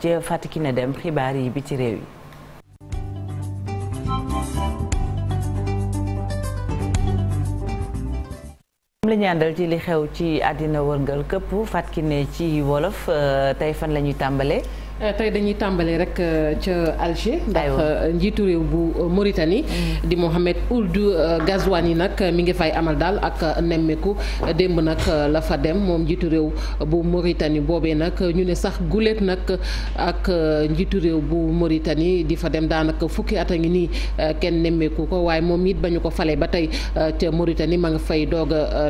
ci Fatou Kiné Deme xibaar yi bi ci réew yi. la ñu ci li xew ci àddina wërngal këpp Fatou Kiné ci wolof euh, tey fan lañuy tàmbalee. Euh, tey dañuy tàmbale rek euh, ca Alger ndax euh, njiitu réew bu Mauritanie mm. di Mohamed Ould Ghazouani nag mi ngi fay amal daal ak nemmeeku démb nag la fa dem moom njiitu réew bu Mauritanie boobee nag ñu ne sax guléet nag ak njiitu réew bu Mauritanie di fa dem daanaka fukki at a ngi nii kenn nemmeeku ko waaye moom it ba ñu ko falee ba tey ca Mauritanie ma nga fay doog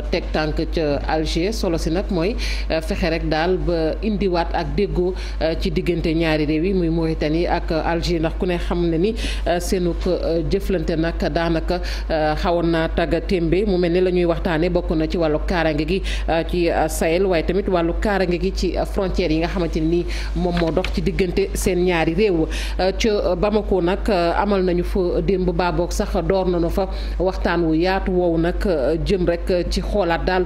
teg tànk ca Alger solo si nag mooy fexe rek daal ba indiwaat ak déggoo ci diggante diggante ñaari réew yi muy Mauritanie ak Algérie ndax ku ne xam ne ni euh, seenu euh, jëflante nag daanaka euh, xawoon naa tagga témbe mu mel ni la ñuy waxtaane bokk na ci wàllu kaarange gi ci Sahel waaye tamit wàllu kaarange gi ci frontières yi nga xamante ni moom moo dox ci diggante seen ñaari réew ci Bamako nag amal nañu fa démb baaboog sax door nañu fa waxtaan wu yaatu woowu nag jëm rek ci xoolaat daal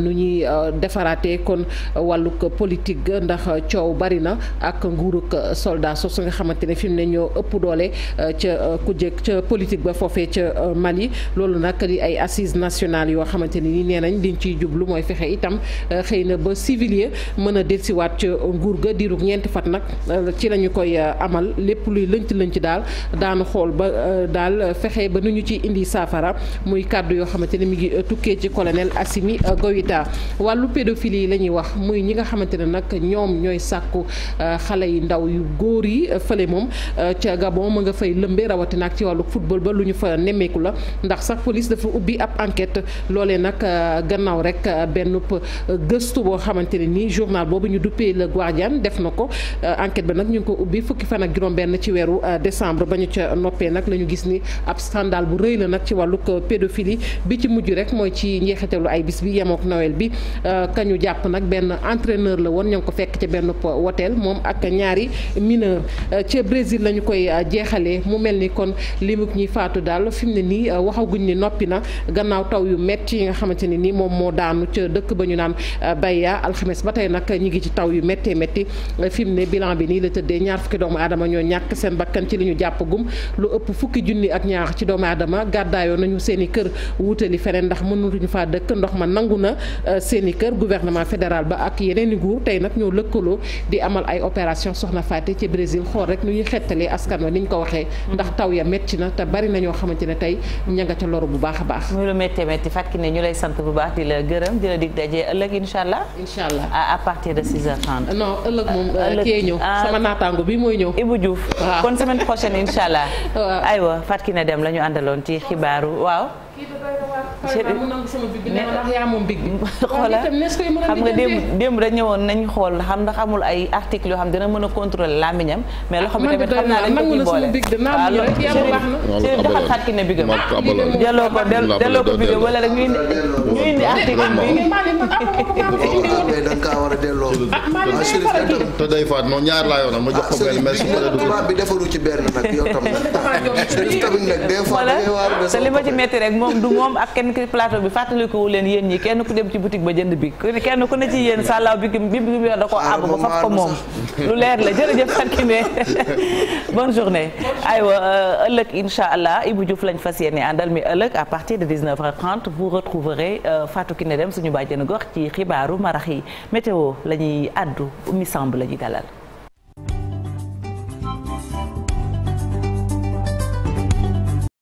nu ñuy defaraatee kon wàllug politique ndax coow bari na ak nguurug soldat soosu nga xamante ne fi mu ne ñoo ëpp doole euh, ca euh, ku ca politique ba foofee ca euh, Mali loolu nag di ay assises nationales yoo xamante ne ni nee nañ liñ ciy jublu mooy fexe itam xëy na ba civil yi mën a delsiwaat ca nguur ga diirug ñeenti fat nag ci la ñu koy amal lépp luy lënt lënt daal daanu xool ba daal fexe ba nu ñu ci indi saafara muy kàddu yoo xamante ne mi ngi tukkee ci colonel Assimi Goïta wàllu pédophilie la ñuy wax muy ñi nga xamante xale yi ndaw yu góor yi euh, fële moom euh, ca Gabon ma nga fay lëmbe rawatina ak ci wàllu football ba lu ñu fa nemmeeku la ndax sax police dafa ubbi ab enquête loolee nag euh, gannaaw rek benn gëstu boo xamante ne nii journal boobu ñu duppee le Guardian def na ko enquête ba nag ñu ko ubbi fukki fan ak juróom-benn ci weeru décembre ba ñu ca noppee nag lañu gis ni ab scandale bu rëy la nag ci wàllug pédophilie bi ci mujj rek mooy ci njeexitalu ay bis bi yemook Noël bi kañu jàpp nag benn entraîneur la woon ña ko fekk ca benn hôtel moom ak ñaari mineur euh, ca Brésil lañu koy euh, jeexalee mu mel ni kon limuk ñi faatu daal fi mu ne nii euh, waxaguñ ni noppi na gannaaw taw yu metti yi nga xamante ne nii moom moo daanu ca dëkk ba ñu naan Bahia alxames ba tey nag ñu ngi ci taw yu méttee métti fi mu ne bilan bi nii la tëddee ñaar fukki doomu aadama ñoo ñàkk seen bakkan ci li ñu jàpp gum lu ëpp fukki junni ak ñaar ci doomu aadama gàddaayoo nañu seen i kër wuutali feneen ndax mënuñu faa dëkk ndox ma nangu na seeni kër gouvernement fédéral ba ak yeneen i nguur tey nag ñoo lëkkaloo di amal ay opération Soxna Faté ci Brésil xool rek nu ñuy xettalee askan wa ni ñu ko waxee. ndax taw ya métti na te bari na ñoo xamante ne tey ña nga ca loru bu baax a baax. muy lu métti métti Fatou ñu lay sant bu baax di la gërëm di la dig daje ëllëg incha allah. incha allah à de 6h30. Ah, non ëllëg moom euh, kii ñëw ah, sama naataango bi mooy ñëw. Ibou Diouf kon semaine prochaine incha allah. aywa Fatou Kiné Deme la ñu àndaloon ci xibaaru waaw. xoolal xam nga démb démb da ñëwoon nañ xool xam ndax amul ay article yoo xam dina mën a contrôler làmmiñam mais loxo bi ah, tamit xam naa dañ ko ciy boole waaw ah, loolu Chérif daxal xaat ki ne bigam delloo ko delloo ko bigam wala rek ñu indi ñu indi article bi danga kaa war a delloo te ah, day faat noonu ñaar laa yoon ma jox ko benn mais su bi defaru ci benn nag yow tam nag des fois te li ma ci metti rek moom du moom ak kenn ki plateau bi fàttalikuwu leen yéen ñi kenn ku dem ci boutique ba jënd bi kenn ku ne ci yéen sàllaaw bi bi bi bi da koo àbb ba faf ko moom lu leer la jërëjëf Fatkine bonne journée aywa euh, ëllëg incha allah Ibou Diouf lañ fas yéene àndal mi ëllëg à partir de 19h30 vous retrouverez ki ne dem suñu bàjjenu gox ci xibaaru marax yi météo la ñuy àddu mi semble la ñuy dalal